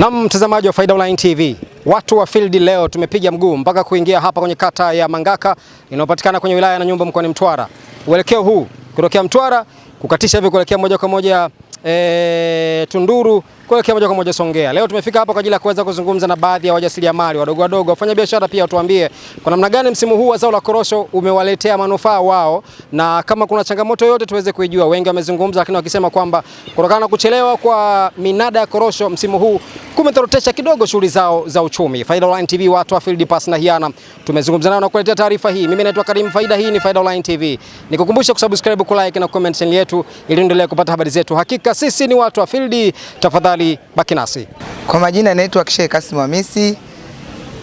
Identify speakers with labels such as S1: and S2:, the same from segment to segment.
S1: Na mtazamaji wa Faida Online TV, watu wa field leo tumepiga mguu mpaka kuingia hapa kwenye kata ya Mangaka inayopatikana kwenye wilaya ya Nanyumbu mkoani Mtwara. Uelekeo huu kutokea Mtwara kukatisha hivi kuelekea moja kwa moja e, Tunduru kuelekea moja kwa moja Songea. Leo tumefika hapa kwa ajili ya kuweza kuzungumza na baadhi ya wajasiriamali wadogo wadogo, wafanya biashara pia, watuambie kwa namna gani msimu huu wa zao la korosho umewaletea manufaa wao, na kama kuna changamoto yoyote tuweze kuijua. Wengi wamezungumza, lakini wakisema kwamba kutokana na kuchelewa kwa minada ya korosho msimu huu kumetorotesha kidogo shughuli zao za uchumi. Faida Online TV, watu wa Field Pass na Hiana tumezungumza nao na kuletea taarifa hii. Mimi naitwa Karim Faida, hii ni Faida Online TV. Nikukumbusha kusubscribe, kulike na comment yetu yetu ili endelee kupata habari zetu. Hakika sisi ni watu wa field, tafadhali baki nasi.
S2: Kwa majina naitwa Kishe Kasim Hamisi,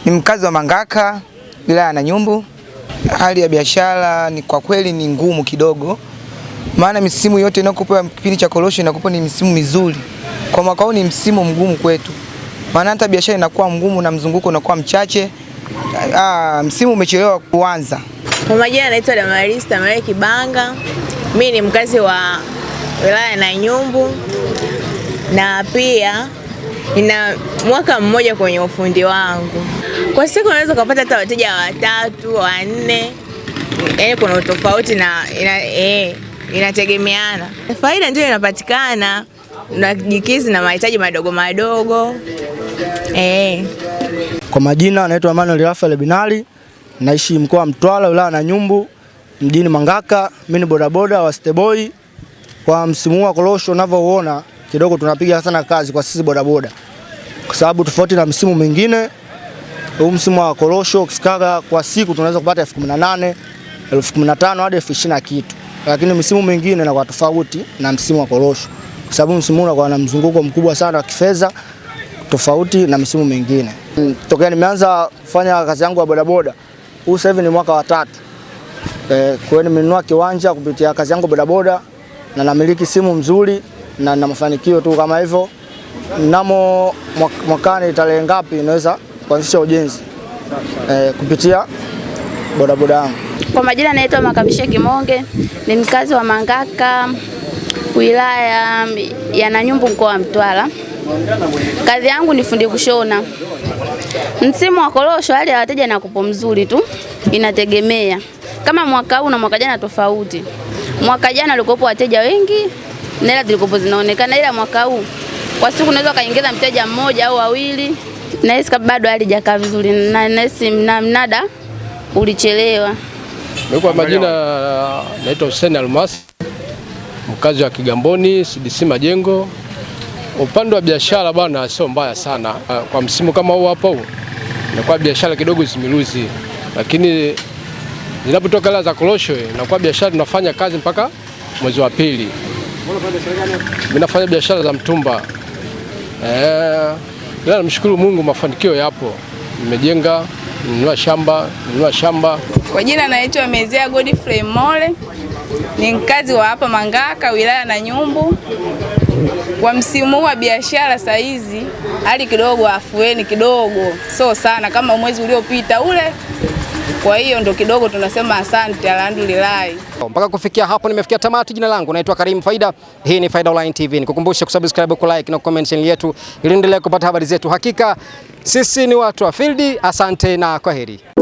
S2: ni mkazi wa Mangaka, wilaya ya Nanyumbu. Hali ya biashara ni kwa kweli ni ngumu kidogo, maana misimu yote inayokupa kipindi cha korosho inakupa ni misimu mizuri. Kwa mwaka huu ni msimu mgumu kwetu, maana hata biashara inakuwa ngumu na mzunguko unakuwa mchache. Aa, ah, msimu umechelewa kuanza.
S3: Kwa majina naitwa Damaris Tamari Kibanga, mimi ni mkazi wa wilaya na Nanyumbu na pia nina mwaka mmoja kwenye ufundi wangu. Kwa siku unaweza ukapata hata wateja watatu wanne, yaani kuna utofauti na ina, e, inategemeana. Faida ndio inapatikana, unajikizi na mahitaji madogo madogo e.
S4: Kwa majina anaitwa Manuel Rafael Binali, naishi mkoa wa Mtwara wilaya na Nanyumbu mjini Mangaka. Mimi ni bodaboda wa Steboy. Kwa msimu wa korosho unavyoona, kidogo tunapiga sana kazi kwa sisi bodaboda, kwa sababu tofauti na msimu mwingine, huu msimu wa korosho kisikaga kwa siku tunaweza kupata elfu kumi na nane elfu kumi na tano hadi elfu ishirini na kitu, lakini msimu mwingine inakuwa tofauti na msimu wa korosho, kwa sababu msimu huu unakuwa na mzunguko mkubwa sana wa kifedha tofauti na msimu mwingine. Tokea nimeanza kufanya kazi yangu ya bodaboda, huu sasa hivi ni mwaka wa tatu. Eh, kwa nimenunua kiwanja kupitia kazi yangu bodaboda na namiliki simu mzuri na na mafanikio tu kama hivyo. Mnamo mwakani tarehe ngapi naweza kuanzisha ujenzi eh, kupitia bodaboda yangu.
S5: Kwa majina naitwa Makabishe Kimonge, ni mkazi wa Mangaka, wilaya ya Nanyumbu, mkoa wa Mtwara. Kazi yangu ni fundi kushona. Msimu wa korosho hali ya wateja na kupo mzuri tu, inategemea kama mwaka huu na mwaka jana tofauti. Mwaka jana walikuwepo wateja wengi na hela zilikuwepo zinaonekana, ila mwaka huu kwa siku unaweza ukaingiza mteja mmoja au wawili. Nahisi bado halijakaa vizuri na nahisi mnada ulichelewa.
S6: Mimi kwa majina naitwa Hussein Almasi, mkazi wa Kigamboni CDC Majengo. Upande wa biashara bwana, sio mbaya sana kwa msimu kama huu hapa huu, na kwa biashara kidogo zimiruzi lakini zinapotoka hela za korosho eh, kwa biashara tunafanya kazi mpaka mwezi wa pili. Mimi nafanya biashara za mtumba eh, ila namshukuru Mungu, mafanikio yapo, nimejenga ninua shamba nunua shamba.
S7: Kwa jina naitwa Mezea Godfrey Mole, ni mkazi wa hapa Mangaka, wilaya na Nyumbu. Kwa msimu wa biashara saa hizi hali kidogo afueni kidogo, so sana kama mwezi uliopita ule kwa hiyo ndo kidogo tunasema asante, alhamdulillah.
S1: Mpaka kufikia hapo nimefikia tamati. Jina langu naitwa Karim Faida, hii ni Faida Online TV. Nikukumbusha kusubscribe, ku like na comment channel yetu ili endelee kupata habari zetu. Hakika sisi ni watu wa field. Asante na kwaheri.